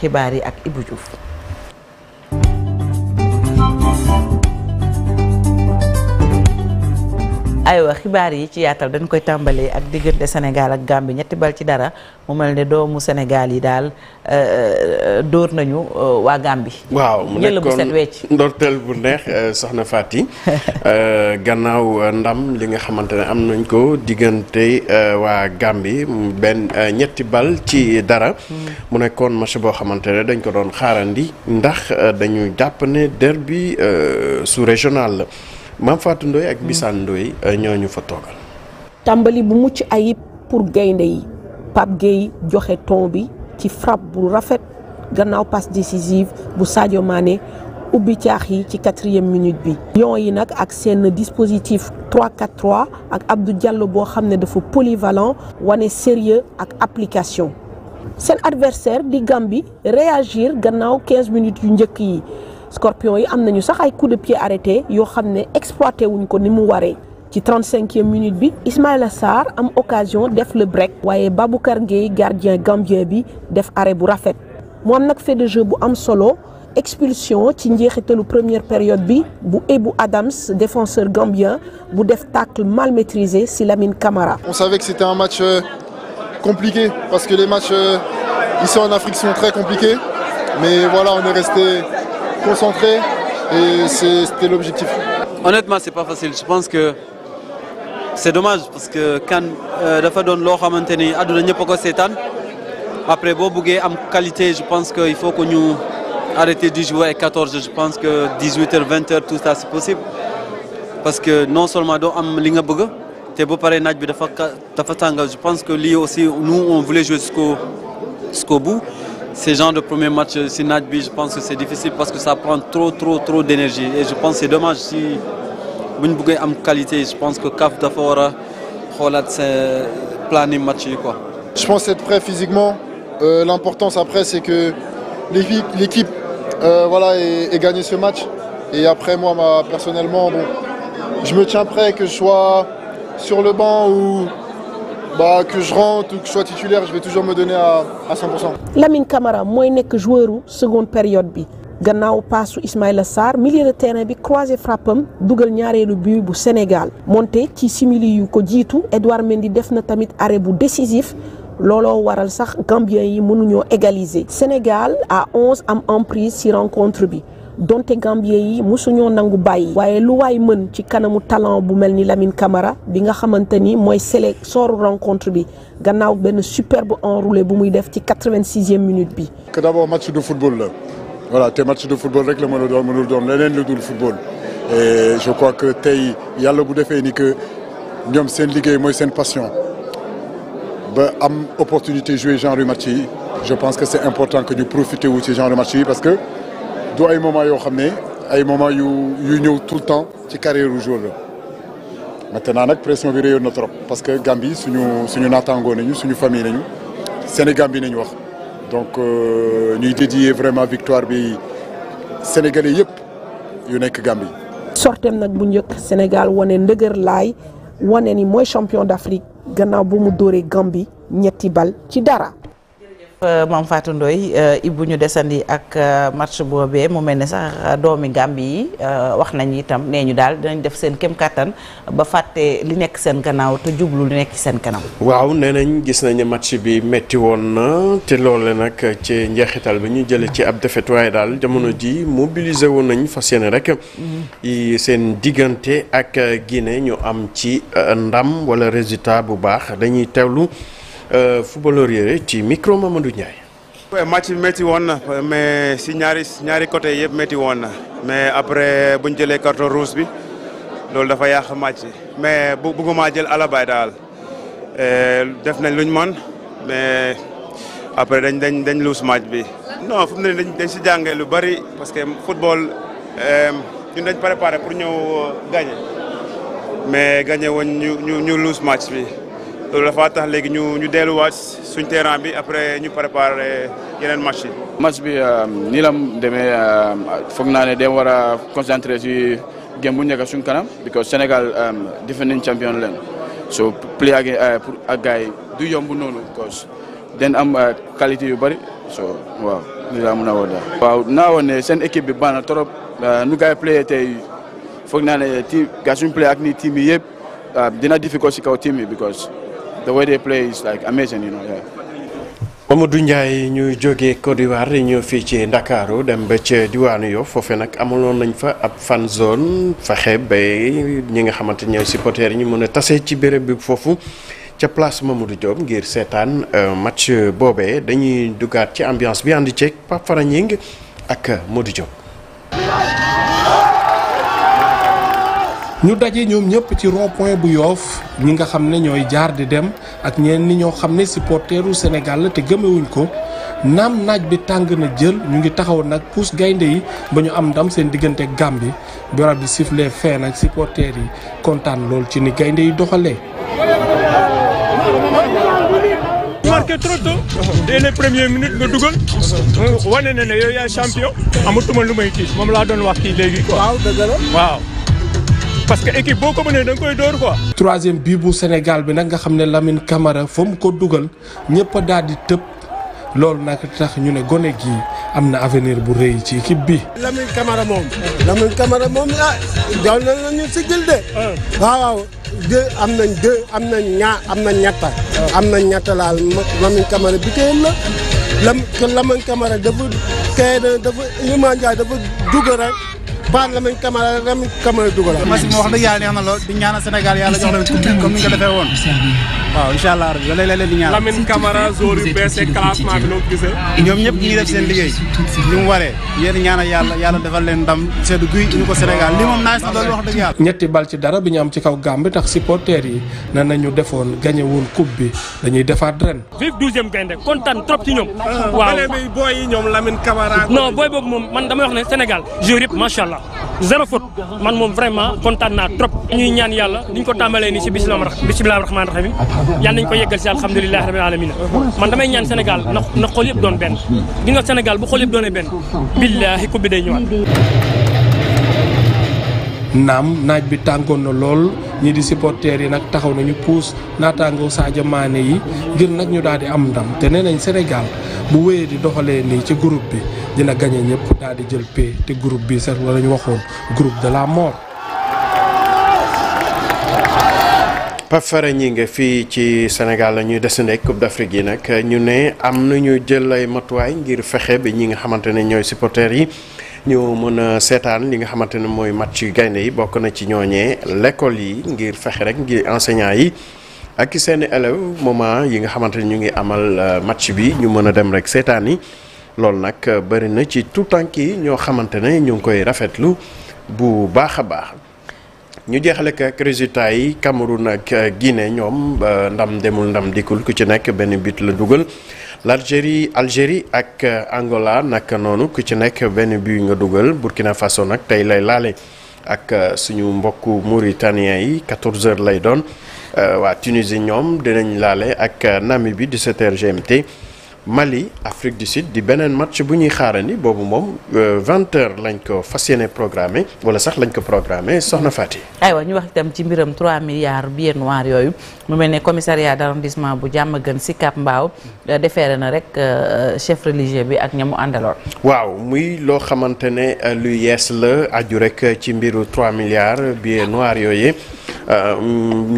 xibaar yi ak Ibou Diouf aywa xibaar yi ci yaatal dañ koy tàmbalee ak diggante Sénégal ak Gambie ñetti bal ci dara mu mel ne doomu Sénégal yi daal euh, euh, dóor nañu euh, waa Gambie. waaw mu nekkoon ndorteel bu neex soxna Fati gannaaw ndam li nga xamante ne am nañ ko diggante waa Gambie benn ñetti bal ci dara. Hmm. mu nekkoon match boo xamante ne dañ ko doon xaarandi ndax dañu jàpp ne derby su régional la. Maam Fatou Ndoye ak Bisaan Ndoye euh, ñoo ñu fa toogal. tàmbali bu mucc ayib pour gaynde yi Pape Gueye joxe ton bi ci frappe bu rafet gannaaw passe décisive bu Sadio Mané ubbi caax yi ci quatrième minute bi. Lions yi nag ak seen dispositif 3-4-3 ak Abdou Diallo boo xam ne dafa polyvalent wane sérieux ak application. seen adversaire di gambi réagir gannaaw 15 minutes yu njëkk yi. scorpion yi am nañu sax ay coup de pied arrêté yoo xam ne exploité wuñ ko ni mu waree ci 35e minute bi Ismaïla Sarr am occasion def le break waaye Baboucar Gueye gardien gambien bi def arrêt bu rafet mu am nag fait de jeu bu am solo expulsion ci njeexitalu première période bi bu Ebou Adams défenseur gambien bu def tacle mal maîtrisé si Lamine Camara. On savait que c'était un match euh, compliqué parce que les matchs euh, ici en Afrique sont très concentré et c'était l'objectif. Honnêtement, c'est pas facile. Je pense que c'est dommage parce que quand euh, dafa doon loo xamante ni àdduna ñëpp a ko seetaan après boo buggee am qualité je pense que il faut que ñu arrêter du jouer à 14 je pense que 18 heures vingt heures tout ça c'est possible parce que non seulement doo am li nga bëgg te ba pare naaj bi dafa dafa tàng je pense que lii aussi nous on voulait jouer jusqu'au bout. ces genres de premiers matchs euh, si naaj bi je pense que c'est difficile parce que ça prend trop trop trop d'énergie et je pense c'est dommage si bu ñu bëggee am qualité je pense que CAF dafa war a xoolaat seen planning match yi quoi. je pense être prêt physiquement euh, l'importance après c'est que l'équipe l'équipe euh, voilà ait, ait gagné ce match et après moi ma personnellement bon je me tiens prêt que je sois sur le banc ou Bah, que je rentre ou que je titulaire, je vais toujours me donner à, Lamine Camara mooy nekk joueur seconde période bi gannaaw paasu Ismaïla Sarr milieu de terrain bi croisé frappam dugal ñaareelu but bu Sénégal monte ci simili yu ko jiitu Edouard Mendy def na tamit arrêt bu décisif looloo waral sax Gambien yi mënuñoo égaliser Sénégal à onze am emprise ci rencontre bi. donte Gambien yi mosuñoo nangu bàyyi waaye lu waay mën ci kanamu talent bu mel ni Lamine kamara bi nga xamante ni mooy sele sooru rencontre bi gannaaw benn superbe enroulé bu muy def ci quatre-vingt-sixième minute bi. que d'abord match de football la voilà te match de football rek la mën a doon mënul doon leneen lu dul football et je crois que tey yàlla bu defee ni que ñoom seen liggéey mooy seen passion ba am opportunité jouer genre match yi je pense que c'est important que wu ci genre match yi parce que. du ay moment yoo xam ne ay moment yu yu ñëw tout le temps ci carrière u joueur la maintenant nag pression bi réyoon na trop parce que Gambie suñu suñu naataangoo nañu suñu famille nañu Sénégal bi nañu wax donc euh, ñuy dédier vraiment victoire bi sénégalais yëpp yu nekk Gambie. sortem nag bu njëkk Sénégal wane ndëgër lay wane ni mooy champion d'Afrique gannaaw bu mu dóoree Gambie ñetti bal ci dara. Euh, Mame Fatou Ndoye euh, Ibou ñu desandi ak euh, match boobee mu mel ne sax doomi Gàmbi yi wax nañu itam nee ñu daal dañ def seen kem kàttan ba fàtte li nekk seen gannaaw te jublu li nekk seen kanam. waaw nee nañ gis nañu match bi metti woon na te loole nag ci njeexital bi ñu jëlee ci ab défaite waaye daal jamono ji mobiliser woon nañu fas yéene rek. Mhm. seen diggante ak Guinée ñu am ci ndam wala résultat bu baax dañuy teewlu. Euh, footballeur yooyu ci micro Mamadou Ndiaye. waaw match bi métti woon na mais si ñaari ñaari côté yëpp métti woon na mais après bu ñu jëlee carton rouge bi loolu dafa yàq match mais bu bëgguma jël alabay daal euh, def nañ luñ man mais après dañ dañ dañ luus match bi. non fu ne dañ dañ si jàngee lu bari parce que football euh, ñun dañ préparé pour ñëw gagner mais gagner woon ñu ñu ñu luus match bi. loolu dafa tax léegi ñu ñu delluwaat suñ terrain bi après ñu préparer yeneen match yi. match bi euh, nii la mu demee euh, foog naa ne dem war a concentrer si game bu nekk suñ kanam because Sénégal euh, defending champion leen so play ak pour ak yi du yomb noonu because den am qualité yu bëri so waaw lii laa na a woo waaw naa woon seen équipe bi baax na trop nu gars yi play tey foog naa ne team gars suñ ak ni team yi yëpp dina difficile si kaw team yi because the way they play is ñu jóge Côte d'Ivoire ñëw fii ci Ndakaaru dem ba ca diwaanu yow foofe nag amaloon nañ fa ab fan zone fexe ba ñi nga xamante ñooy supporters yi ñu mën a tase ci béréb bi foofu ca place Mamadou Diop ngir seetaan euh, match boobee dañuy dugaat ci ambiance bi ànd ceeg Pape Fara Gning ak Modou Diop. ñu daje ñoom ñëpp ci rond point bu yoof ñi nga xam ne ñooy jaar di dem ak ñenn ñoo xam ne supporteru Sénégal la te gëmewuñ ko naam naaj bi tàng na jël ñu ngi taxaw nag puus gaynde yi ba ñu am ndam seen diggante Gambie bi barab bi sifflé fee nag supporter yi kontaan lool ci ni gaynde yi doxalee. marqué trop tôt dès les premières nga dugal wane na ne yow yaay champion amatuma lu may tiit moom laa doon wax kii léegi quoi parce que équipe boo ko mënee da koy dóor quoi. troisième bii bu Sénégal bi nag xam ne Lamine kamara fa mu ko dugal ñëpp daal di tëb loolu nag tax ñu ne gone gii am na avenir bu rëy ci équipe bi. Lamine Camara moom. Lamine Camara moom ah doon na la. Lam Lamine dafa kay dafa Iliman dafa dugg rek. Paan Lamine Camara Lamine Camara dugal. wax dëgg yàlla neex na lool di ñaanal Sénégal yàlla jox la comme ni nga woon. waaw incha allah rabi loolu la leen di ñaan Lamine Camara zor yu bees ak ñoom ñëpp ñu def seen liggéey ñu mu waree yéen ñaanal yàlla yàlla defal leen ndam seddu guy ñu ko Sénégal li moom naa si loolu wax dëgg yàlla ñetti bal ci dara bi ñu am ci kaw Gambie tax supporters yi na nañu defoon gagné woon coupe bi dañuy defaat ren vive douzième ah. ne Sénégal joueur yëpp macha allah zéro faute man moom vraiment kontaan naa trop ñuy ñaan yàlla niñ ko tàmbalee nii si bisimilah bisimilah rahmaani rahim yàlla nañ ko yeggal si alhamdulilahi rabbil alamin man damay ñaan Sénégal na na xool yëpp doon benn gi nga Sénégal bu xool yëpp doonee benn billaahi ko bi day ñëwaat naam naaj bi tàngoon na lool ñi di supporters yi nag taxaw ñu puus naataangoo Sadio Mané yi ngir nag ñu daal di am ndam te nee nañ Sénégal bu wéyee di doxalee nii ci groupe bi dina gañe ñëpp daal di jël paie te groupe bi sax la ñu waxoon groupe de la mort. Pafara ñi nga fii ci Sénégal la ñuy desandi Coupe d'Afrique yi nag ñu ne am nañu jël ay matuwaay ngir fexe bi ñi nga xamante ne ñooy supporters yi. ñu mën a seetaan li nga xamante ne mooy match yu gaynde yi bokk na ci ñooñee lekkool yi ngir fexe rek ngir enseignants yi ak seen i élèves moment yi nga xamante ni ñu ngi amal euh, match bi ñu mën a dem rek seetaani yi loolu nag euh, bëri na ci tout tànk yi ñoo xamante ne ñu ngi koy rafetlu bu baax a baax. ñu jeexale ak résultat yi Cameroun ak euh, Guinée ñoom ndam demul ndam dikkul ku ci nekk benn bit la dugal l'Algérie Algérie ak Angola nag noonu ku ci nekk benn bi nga dugal Burkina Faso nag tey lay laale ak suñu mbokku mauritanien yi 14 heures lay doon. Euh, waa Tunisie ñoom dinañ laale ak euh, Namibie 17h GMT Mali Afrique du Sud di beneen match bu ñuy xaarandi boobu moom 20h euh, lañ ko fas yéene programmé wala sax lañ ko programmé soxna Fati. aywa ñu wax itam ci mbiram 3 milliards billets noirs yooyu mu mel ne commissariat d' arrondissement bu Diamaguène Sicap Mbao defeere na rek chef religieux bi ak ñamu àndaloon. waaw muy loo xamante ne lu yees la aju rek ci mbiru 3 milliards billets noir yooyu. Euh,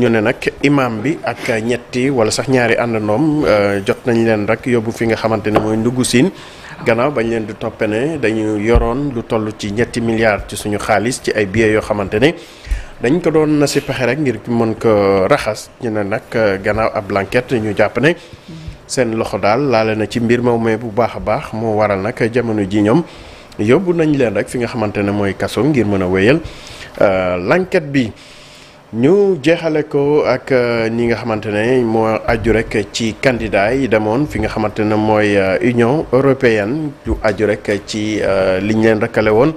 ñu ne nag imaam bi ak ñetti wala sax ñaari àndandoom euh, jot nañ leen rek yóbbu fi nga xamante ne mooy ndugg siin gannaaw bañ leen di toppane dañu yoroon lu toll ci ñetti milliards ci suñu xaalis ci ay billets yoo xamante ne dañ ko doon na si pexe rek ngir mën ko raxas ñu ne nag euh, gannaaw ab blanquette ñu jàpp ne seen loxo daal laale na ci mbir moom bu baax a baax moo waral nag jamono ji ñoom yóbbu nañ leen rek fi nga xamante ne mooy kaso ngir mën a wéyal l'enquête bi ñu jeexale ko ak euh, ñi nga xamante ne moo aju rek ci candidat yi demoon fi nga xamante ne mooy euh, Union européenne yu aju rek ci euh, liñ leen rakkale woon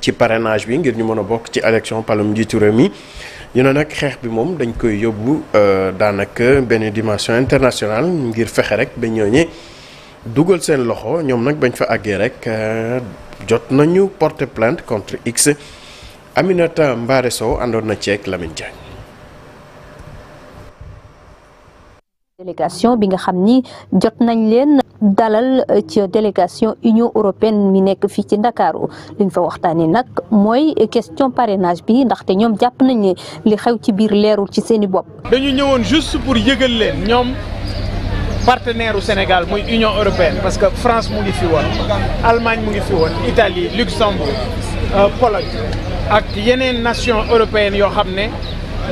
ci parenage bi ngir ñu mën a bokk ci élection palum jitu réew mi ñu ne nag xeex bi moom dañ koy yóbbu daanaka benn dimension internationale ngir fexe rek ba ñooñe dugal seen loxo ñoom nag bañ fa àggee rek jot nañu porter plainte contre X Aminata Mbaare Sow àndoon délégation bi nga xam ni jot nañ leen dalal ci délégation Union européenne mi nekk fii ci Ndakaaru liñ fa waxtaanee nag mooy question parrainage bi ndaxte ñoom jàpp nañ ne li xew ci biir leerul ci seeni bopp. dañu ñëwoon juste pour yëgal leen ñoom partenaire Sénégal muy Union européenne parce que France mu ngi fi woon Allemagne mu ngi fi woon Italie Luxembourg euh, Pologne. ak yeneen nation européenne yoo xam ne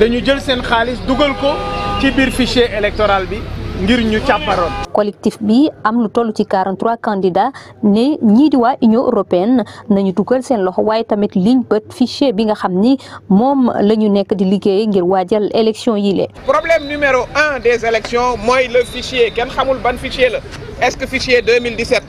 dañu jël seen xaalis dugal ko ci biir fichier électoral bi ngir ñu càpparoon. collectif bi am lu toll ci 43 candidats ne ñii di waa Union européenne nañu dugal seen loxo waaye tamit liñ bët fichier bi nga xam ni moom la ñu nekk di liggéey ngir waajal élection yi le problème numéro des élections mooy le fichier kenn xamul ban fichier la est-ce que fichier 2017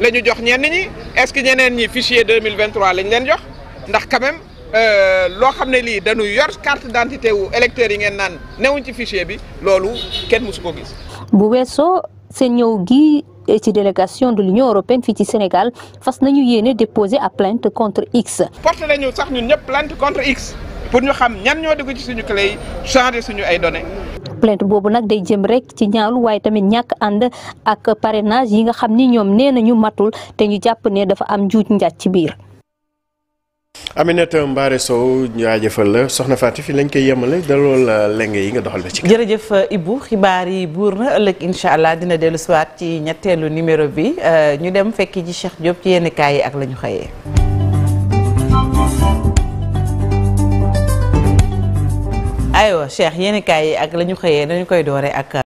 la ñu jox ñenn ñi est-ce que ñeneen ñi fichier 2023 lañ leen jox ndax quand même. Euh, loo xam ne lii dañu yor carte d'identité wu électeurs yi ngeen naan newuñ ci fichier bi loolu kenn mësu ko gis. bu weesoo seen ñëw gi ci délégation de l'Union européenne fii ci Sénégal fas nañu yéene déposer à plainte contre X. porté nañu sax ñun ñëpp plainte contre X pour ñu xam ñan ñoo dugg ci suñu clé yi suñu ay donné plainte boobu nag day jëm rek ci ñaawlu waaye tamit ñàkk ànd ak parrainage yi nga xam ni ñoom nee nañu matul te ñu jàpp ne dafa am njuuj njaaj ci biir. Aminata Mbaare Sow jaajëfal la soxna Fatou fi lañ koy yemale daloo la lenge yi nga doxal ba ci. jërëjëf Ibou xibaar yi buur na ëllëg incha allah dina dellu siwaat ci ñetteelu numéro bi euh, ñu dem fekk ci Cheikh Diop ci yenn yi ak la ñu xëyee. aywa Cheikh yenn yi ak la ñu xëyee dañu koy doore ak.